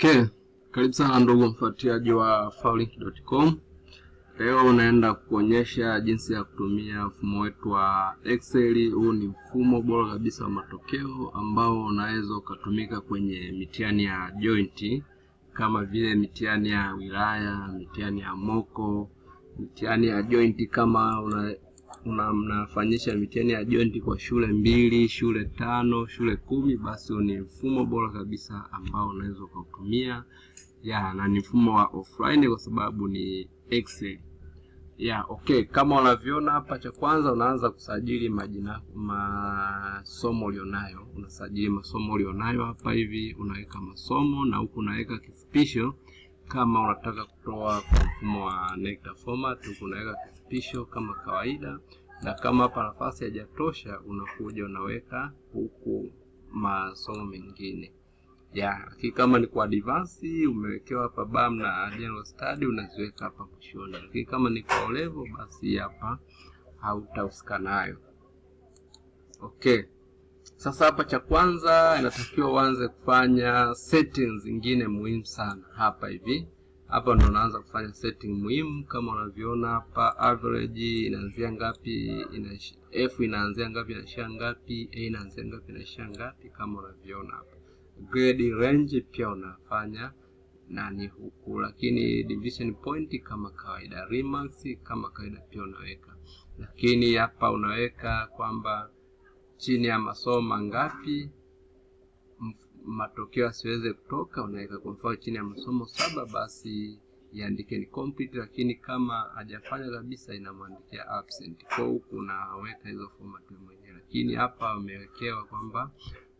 Okay, karibu sana ndugu mfuatiliaji wa faulink.com. Leo unaenda kuonyesha jinsi ya kutumia mfumo wetu wa Excel. Huu ni mfumo bora kabisa wa matokeo ambao unaweza ukatumika kwenye mitihani ya joint kama vile mitihani ya wilaya, mitihani ya moko, mitihani ya joint kama una una mnafanyisha mitihani ya joint kwa shule mbili, shule tano, shule kumi, basi ni mfumo bora kabisa ambao unaweza ukautumia ya na ni mfumo wa offline kwa sababu ni Excel. Ya, okay, kama unavyoona hapa, cha kwanza unaanza kusajili majina masomo ulionayo. Unasajili masomo ulionayo hapa hivi, unaweka masomo na huku unaweka kifupisho kama unataka kutoa kwa mfumo wa Nectar format, unaweka kifupisho kama kawaida, na kama hapa nafasi haijatosha, unakuja unaweka huku masomo mengine ya lakini kama ni kwa advance umewekewa hapa BAM na general study unaziweka hapa mwishoni, lakini kama ni kwa olevo basi hapa hautahusika nayo. Okay. Sasa hapa cha kwanza inatakiwa uanze kufanya settings zingine muhimu sana hapa hivi. Hapa ndo unaanza kufanya setting muhimu kama unavyoona hapa, average inaanzia ngapi, ina F inaanzia ngapi inaishia ngapi, A inaanzia ngapi inaishia ngapi, kama unavyoona hapa. Grade range pia unafanya nani huku, lakini division point kama kawaida, Remax kama kawaida pia unaweka, lakini hapa unaweka kwamba chini ya masomo mangapi matokeo asiweze kutoka, unaweka kwa mfano chini ya masomo saba, basi iandike ni complete, lakini kama hajafanya kabisa inamwandikia absent. Kwa huku unaweka hizo format mwenyewe, lakini hapa umewekewa kwamba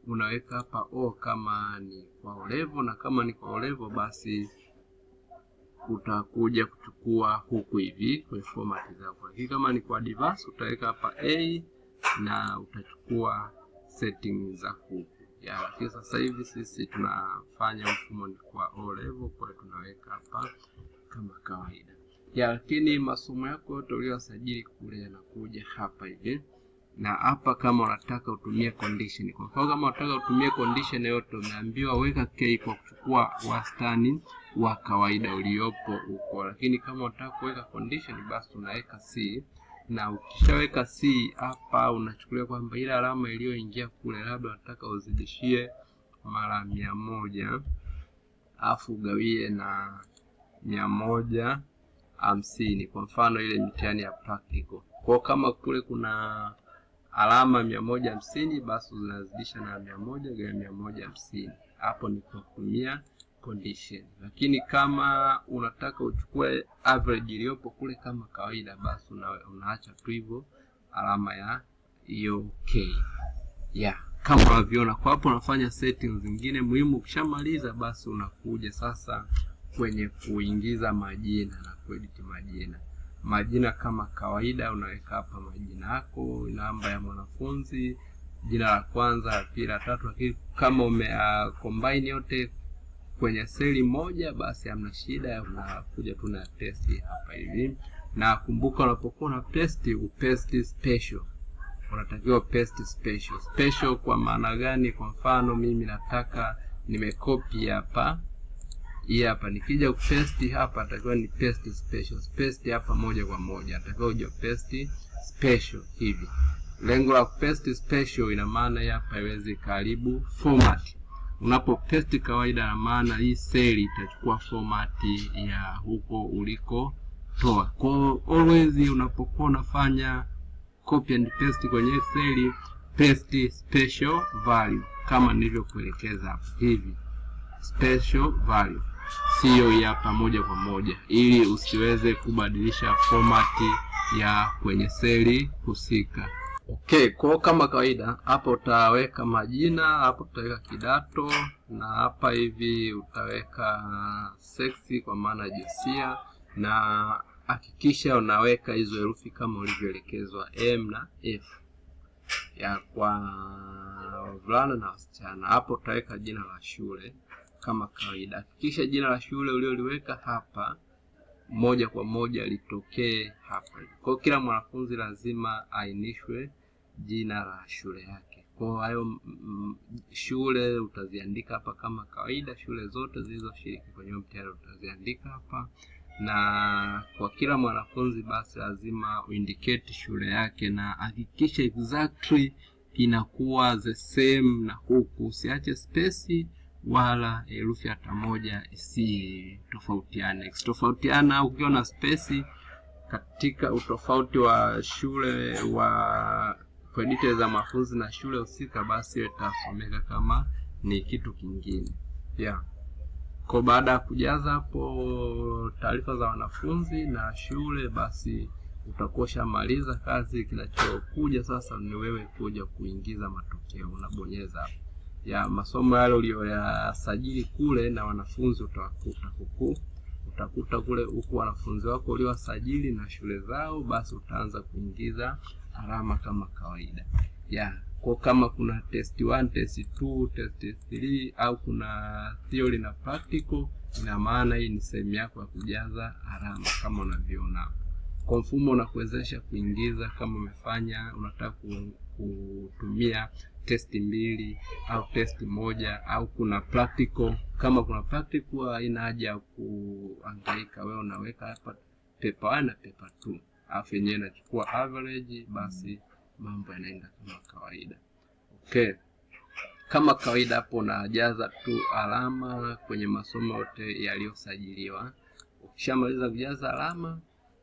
unaweka hapa o kama ni kwa olevo, na kama ni kwa olevo basi utakuja kuchukua huku hivi kwa format zako, lakini kama ni kwa diverse utaweka hapa a na utachukua setting za kuku ya lakini sasa hivi sisi tunafanya mfumo ni kwa o level, kwa tunaweka hapa kama kawaida ya lakini masomo yako yote uliyosajili kule yanakuja hapa hivi na hapa kama unataka utumie condition. Kwa mfano kama unataka utumie condition yote, umeambiwa weka k kwa kuchukua wastani wa kawaida uliopo huko, lakini kama unataka kuweka condition, basi unaweka c na ukishaweka C hapa unachukulia kwamba ile alama iliyoingia kule labda unataka uzidishie mara mia moja afu ugawie na mia moja hamsini kwa mfano ile mitihani ya practical. Kwa kama kule kuna alama mia moja hamsini basi unazidisha na mia moja gawa mia moja hamsini. Hapo ni kwa kutumia condition, lakini kama unataka uchukue average iliyopo kule kama kawaida, basi una, unaacha tu hivyo alama ya hiyo k yeah. Kama unavyoona kwa hapo, unafanya settings zingine muhimu. Ukishamaliza basi unakuja sasa kwenye kuingiza majina na kuedit majina. Majina kama kawaida, unaweka hapa majina yako, namba ya mwanafunzi, jina la kwanza, la pili, la tatu, lakini kama ume uh, combine yote kwenye seli moja, basi hamna shida, unakuja tu na testi hapa hivi. Na kumbuka unapokuwa una testi upesti special, unatakiwa paste special. Special kwa maana gani? Kwa mfano mimi nataka nimekopi hapa hii hapa, nikija kupesti hapa natakiwa ni paste special, paste hapa moja kwa moja, natakiwa uja paste special hivi. Lengo la paste special ina maana hapa iweze karibu format unapo paste kawaida, maana hii seli itachukua format ya huko ulikotoa. Kwa always unapokuwa unafanya copy and paste kwenye Excel, paste special value kama nilivyokuelekeza hapo hivi, special value siyo ya pamoja kwa moja, ili usiweze kubadilisha fomati ya kwenye seli husika. Okay, kwa kama kawaida hapa utaweka majina, hapo utaweka kidato na hapa hivi utaweka seksi kwa maana jinsia, na hakikisha unaweka hizo herufi kama ulivyoelekezwa M na F ya kwa wavulana na wasichana. Hapo utaweka jina la shule kama kawaida. Hakikisha jina la shule ulioliweka hapa moja kwa moja litokee hapa. Kwa hiyo kila mwanafunzi lazima ainishwe jina la shule yake. Kwa hayo shule utaziandika hapa kama kawaida. Shule zote zilizoshiriki kwenye mtihani utaziandika hapa, na kwa kila mwanafunzi basi lazima uindicate shule yake, na hakikisha exactly inakuwa the same na huku, usiache space wala herufi hata moja isitofautiane. Ikitofautiana ukiwa na space katika utofauti wa shule wa kwa details za mafunzi na shule husika, basi hiyo itasomeka kama ni kitu kingine yeah. Kwa baada ya kujaza hapo taarifa za wanafunzi na shule, basi utakuwa ushamaliza kazi. Kinachokuja sasa ni wewe kuja kuingiza matokeo, unabonyeza ya masomo yale uliyoyasajili kule na wanafunzi utakuta huku utakuta kule huku wanafunzi wako uliowasajili na shule zao, basi utaanza kuingiza alama kama kawaida yeah. Kwa kama kuna test 1, test 2, test 3 au kuna theory na practical, ina maana hii ni sehemu yako ya kujaza alama kama unavyoona Kwa mfumo unakuwezesha kuingiza kama umefanya unataka kutumia testi mbili au testi moja au kuna practical. Kama kuna practical haina haja ya kuangaika, wewe unaweka hapa paper 1 na paper 2 afu yenyewe inachukua average, basi mambo yanaenda kama kawaida. Okay, kama kawaida hapo unajaza tu alama kwenye masomo yote yaliyosajiliwa. Ukishamaliza kujaza alama,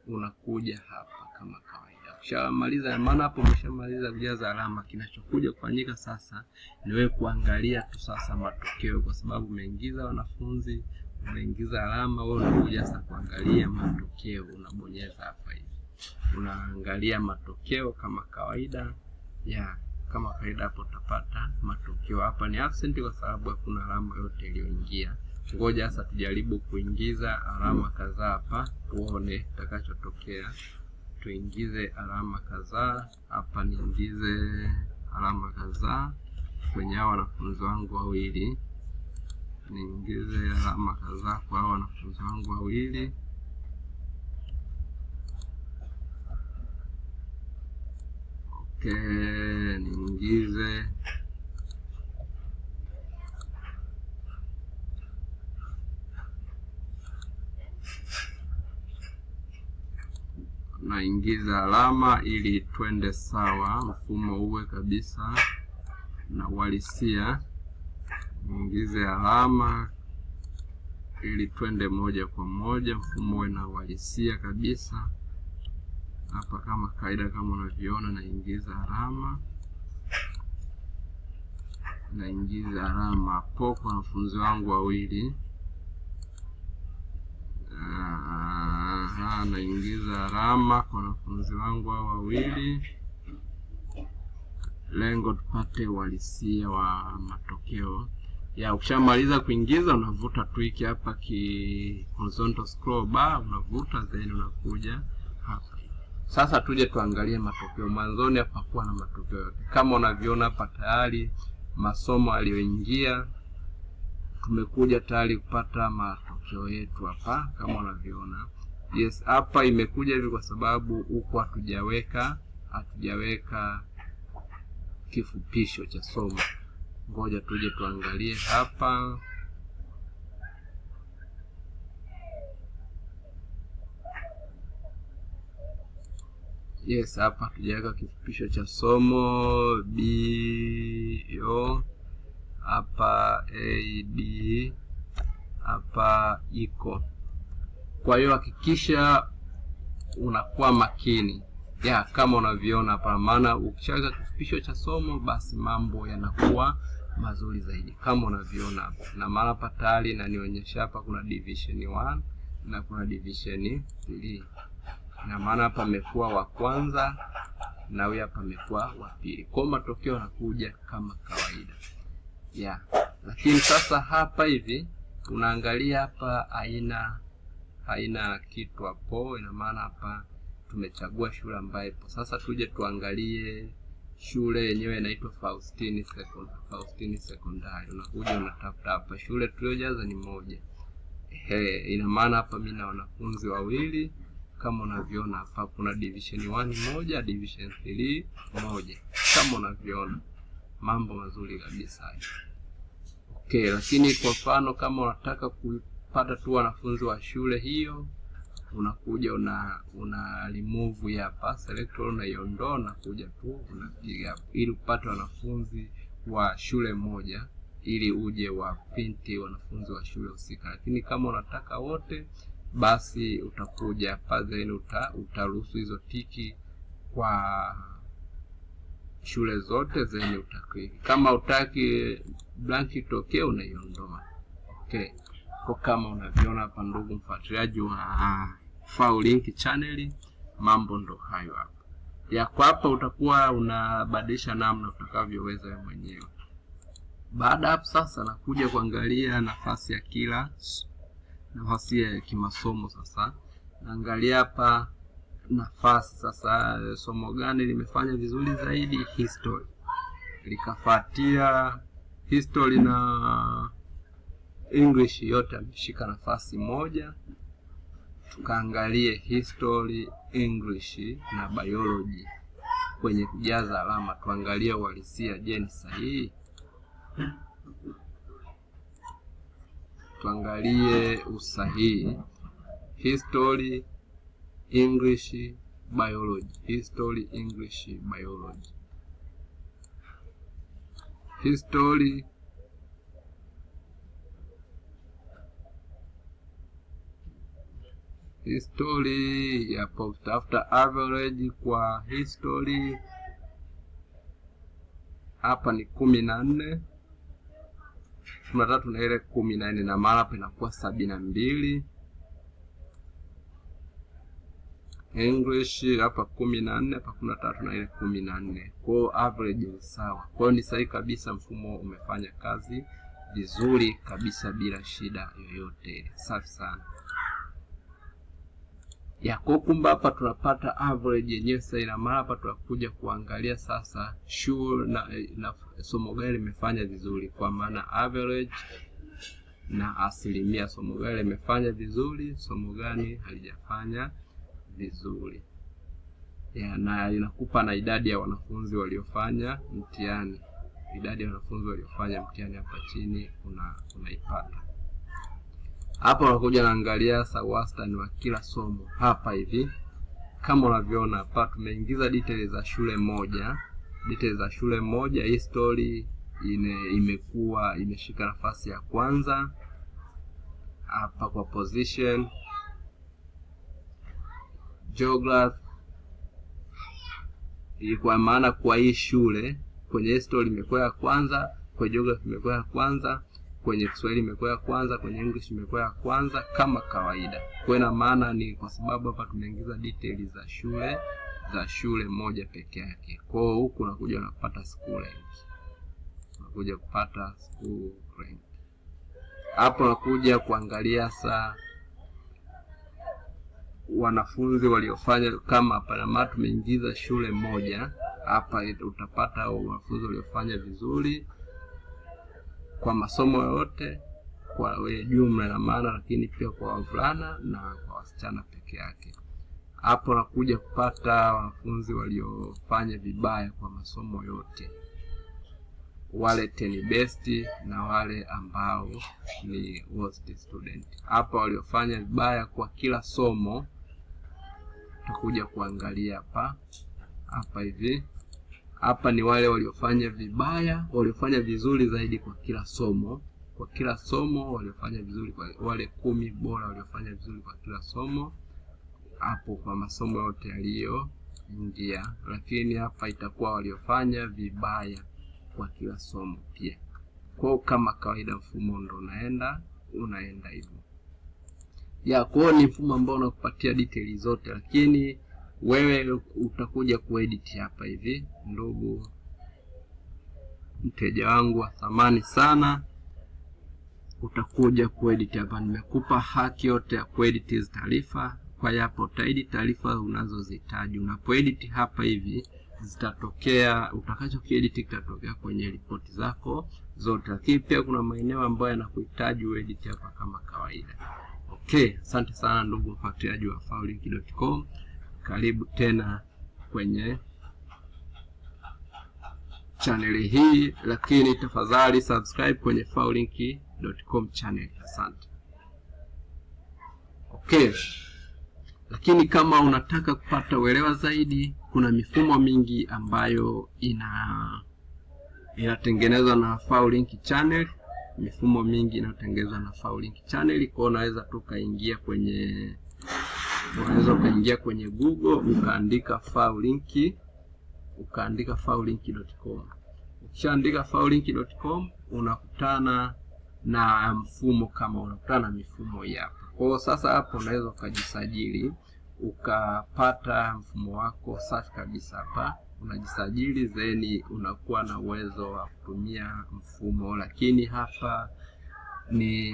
unakuja hapa kama kawaida. Ukishamaliza maana hapo umeshamaliza kujaza alama, kinachokuja kufanyika sasa ni wewe kuangalia tu sasa matokeo, kwa sababu umeingiza wanafunzi, umeingiza alama, wewe unakuja sasa kuangalia matokeo, unabonyeza hapa hivi unaangalia matokeo kama kawaida ya kama kawaida hapo utapata matokeo. Hapa ni absent kwa sababu hakuna alama yote iliyoingia. Ngoja sasa tujaribu kuingiza alama kadhaa hapa tuone kitakachotokea. Tuingize alama kadhaa hapa, niingize alama kadhaa kwenye hao wanafunzi wangu wawili, niingize alama kadhaa kwa hao wanafunzi wangu wawili. yake niingize naingiza alama ili twende sawa, mfumo uwe kabisa na uhalisia. Niingize alama ili twende moja kwa moja, mfumo uwe na uhalisia kabisa hapa kama kawaida, kama unavyoona, naingiza alama naingiza alama hapo kwa wanafunzi wangu wawili. Aha, naingiza alama kwa wanafunzi wangu hao wawili, lengo tupate uhalisia wa matokeo ya. Ukishamaliza kuingiza, unavuta tweak hapa ki horizontal scroll bar, unavuta then unakuja sasa tuje tuangalie matokeo. Mwanzoni hapakuwa na matokeo yote, kama unavyoona hapa tayari masomo aliyoingia tumekuja tayari kupata matokeo yetu hapa, kama unavyoona. Yes, hapa imekuja hivi kwa sababu huko hatujaweka hatujaweka kifupisho cha somo. Ngoja tuje tuangalie hapa. yes hapa tujaweka kifupisho cha somo bo hapa ad hapa iko kwa hiyo hakikisha unakuwa makini ya kama unavyoona hapa, maana ukishaweka kifupisho cha somo basi mambo yanakuwa mazuri zaidi kama unavyoona hapa. Na maana hapa tayari nanionyesha hapa kuna division 1 na kuna division 3 na maana hapa amekuwa wa kwanza na huyu hapa amekuwa wa pili, kwa matokeo yanakuja kama kawaida yeah. Lakini sasa hapa hivi unaangalia hapa haina haina kitu hapo, ina maana hapa tumechagua shule ambayo ipo. Sasa tuje tuangalie shule yenyewe inaitwa Faustini Second, Faustini Secondary, unakuja unatafuta hapa, shule tuliojaza ni moja. Ehe, ina maana hapa mimi na wanafunzi wawili kama unavyoona hapa kuna division 1 moja, division 3 moja, kama unavyoona mambo mazuri kabisa Okay, lakini kwa mfano kama unataka kupata tu wanafunzi wa shule hiyo, unakuja una una remove hapa, select all unaiondoa, unakuja tu unapiga ili upate wanafunzi wa shule moja, ili uje wapinti wanafunzi wa shule husika, lakini kama unataka wote basi utakuja then uta, utaruhusu hizo tiki kwa shule zote zenye utakliki. Kama utaki blanki tokee unaiondoa okay. Kwa kama unaviona hapa, ndugu mfuatiliaji wa Link channel, mambo ndo hayo hapa. Yako hapa utakuwa unabadilisha namna utakavyoweza wewe mwenyewe. Baada hapo sasa, nakuja kuangalia nafasi ya kila nafasi ya kimasomo sasa. naangalia hapa nafasi sasa, somo gani limefanya vizuri zaidi? History likafuatia history na English, yote ameshika nafasi moja. Tukaangalie history, English na biology kwenye kujaza alama, tuangalie uhalisia. Je, ni sahihi? tuangalie usahihi history english biology history english biology history history ya post after average kwa history hapa ni kumi na nne kumi na tatu na ile kumi na nne na mara hapa inakuwa sabini na mbili English hapa kumi na nne hapa kumi na tatu na ile kumi na nne kwao average ni sawa. Kwa hiyo ni sahihi kabisa, mfumo umefanya kazi vizuri kabisa bila shida yoyote. Safi sana ya kokumba hapa tunapata average yenyewe sasa ina maana hapa tunakuja kuangalia sasa shule na, na somo gani limefanya vizuri kwa maana average na asilimia somo gani limefanya vizuri somo gani halijafanya vizuri ya, na inakupa na idadi ya wanafunzi waliofanya mtihani idadi ya wanafunzi waliofanya mtihani hapa chini unaipata una hapa unakuja naangalia sasa wastani wa kila somo hapa hivi, kama unavyoona hapa, tumeingiza details za shule moja. Details za shule moja, ine, imekuwa imeshika nafasi ya kwanza hapa kwa position, geography kwa maana kwa hii shule kwenye history imekuwa ya kwanza, kwa geography imekuwa ya kwanza kwenye Kiswahili imekuwa ya kwanza, kwenye English imekuwa ya kwanza kama kawaida. Kwa ina maana ni kwa sababu hapa tumeingiza details za shule za shule moja peke yake. Kwa hiyo huku unakuja unapata school rank. Unakuja kupata school rank. Hapo unakuja kuangalia saa wanafunzi waliofanya kama hapa na tumeingiza shule moja hapa, utapata wanafunzi waliofanya vizuri kwa masomo yote kwa jumla na maana, lakini pia kwa wavulana na kwa wasichana peke yake. Hapo nakuja kupata wanafunzi waliofanya vibaya kwa masomo yote, wale ten best na wale ambao ni worst student. Hapa waliofanya vibaya kwa kila somo, tutakuja kuangalia hapa hapa hivi hapa ni wale waliofanya vibaya, waliofanya vizuri zaidi kwa kila somo, kwa kila somo waliofanya vizuri kwa wale kumi bora waliofanya vizuri kwa kila somo hapo kwa masomo yote yaliyoingia, lakini hapa itakuwa waliofanya vibaya kwa kila somo pia. Kwao kama kawaida, mfumo ndo unaenda unaenda hivyo ya kwao. Ni mfumo ambao unakupatia detaili zote, lakini wewe utakuja kuedit hapa hivi, ndugu mteja wangu wa thamani sana, utakuja kuedit hapa. Nimekupa haki yote ya kuedit hizi taarifa, kwa hiyo hapo utaedit taarifa unazozihitaji. Unapoedit hapa hivi zitatokea utakacho utakachokiediti kitatokea kwenye ripoti zako zote, lakini pia kuna maeneo ambayo yanakuhitaji uediti hapa kama kawaida. Okay, asante sana ndugu mfuatiliaji wa faulink.com. Karibu tena kwenye chaneli hii, lakini tafadhali subscribe kwenye faulink.com channel. Asante. Okay, lakini kama unataka kupata uelewa zaidi, kuna mifumo mingi ambayo ina inatengenezwa na Faulink channel, mifumo mingi inayotengenezwa na Faulink channel, kwa unaweza tu kaingia kwenye unaweza ukaingia kwenye Google ukaandika faulink ukaandika faulink.com. Ukishaandika faulink.com unakutana na mfumo kama unakutana na mifumo hii hapa. Kwa hiyo sasa hapo unaweza ukajisajili ukapata mfumo wako safi kabisa. Hapa unajisajili then unakuwa na uwezo wa kutumia mfumo, lakini hapa ni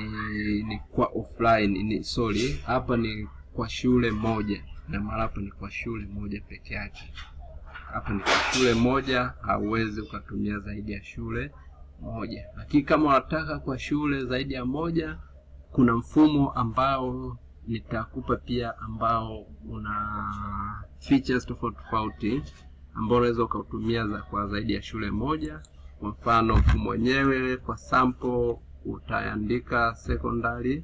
ni kwa offline, ni sorry, hapa ni kwa shule moja na mara hapo ni kwa shule moja peke yake. Hapo ni kwa shule moja, hauwezi ukatumia zaidi ya shule moja. Lakini kama unataka kwa shule zaidi ya moja, kuna mfumo ambao nitakupa pia, ambao una features tofauti tofauti, ambao unaweza ukautumia za kwa zaidi ya shule moja. Kwa mfano mfumo wenyewe kwa sample utaandika secondary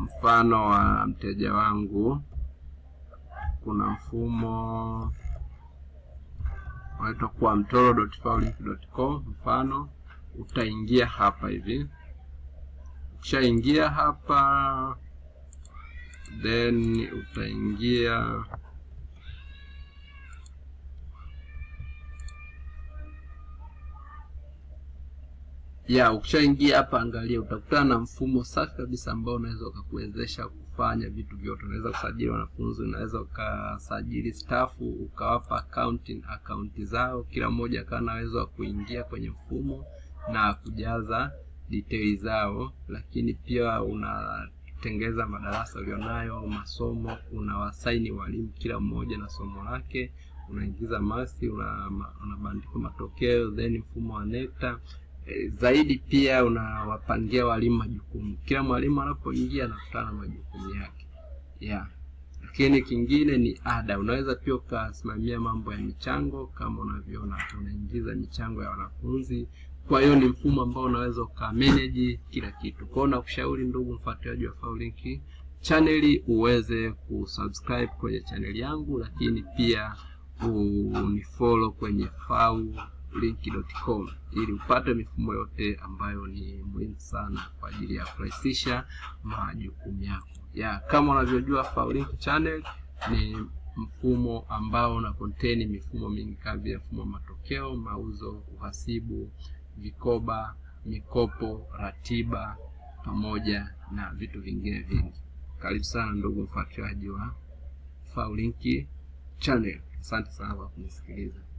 mfano wa mteja wangu, kuna mfumo unaitwa kuwa mtoro.faulink.com. Mfano utaingia hapa hivi, ukishaingia hapa then utaingia ya ukishaingia hapa, angalia, utakutana na mfumo safi kabisa ambao unaweza ukakuwezesha kufanya vitu vyote. Unaweza kusajili wanafunzi, unaweza ukasajili stafu, ukawapa akaunti akaunti zao, kila mmoja akawa wa kuingia kwenye mfumo na kujaza details zao, lakini pia unatengeza madarasa ulionayo masomo, unawasaini walimu kila mmoja na somo lake, unaingiza masi, unabandika una matokeo, then mfumo wa NECTA e, zaidi pia unawapangia walimu majukumu. Kila mwalimu anapoingia anakutana na majukumu yake yeah. Lakini kingine ni ada. Unaweza pia ukasimamia mambo ya michango, kama unavyoona unaingiza michango ya wanafunzi. Kwa hiyo ni mfumo ambao unaweza ukameneji kila kitu. Kwa hiyo nakushauri ndugu mfuatiliaji wa Faulink chaneli uweze kusubscribe kwenye chaneli yangu, lakini pia unifollow kwenye Fau ili upate mifumo yote ambayo ni muhimu sana kwa ajili ya kurahisisha majukumu yako. Ya, kama unavyojua Faulink Channel ni mfumo ambao una contain mifumo mingi kama vile mfumo wa matokeo, mauzo, uhasibu, vikoba, mikopo, ratiba pamoja na vitu vingine vingi. Karibu sana ndugu mfuatiliaji wa Faulink Channel. Asante sana kwa kunisikiliza.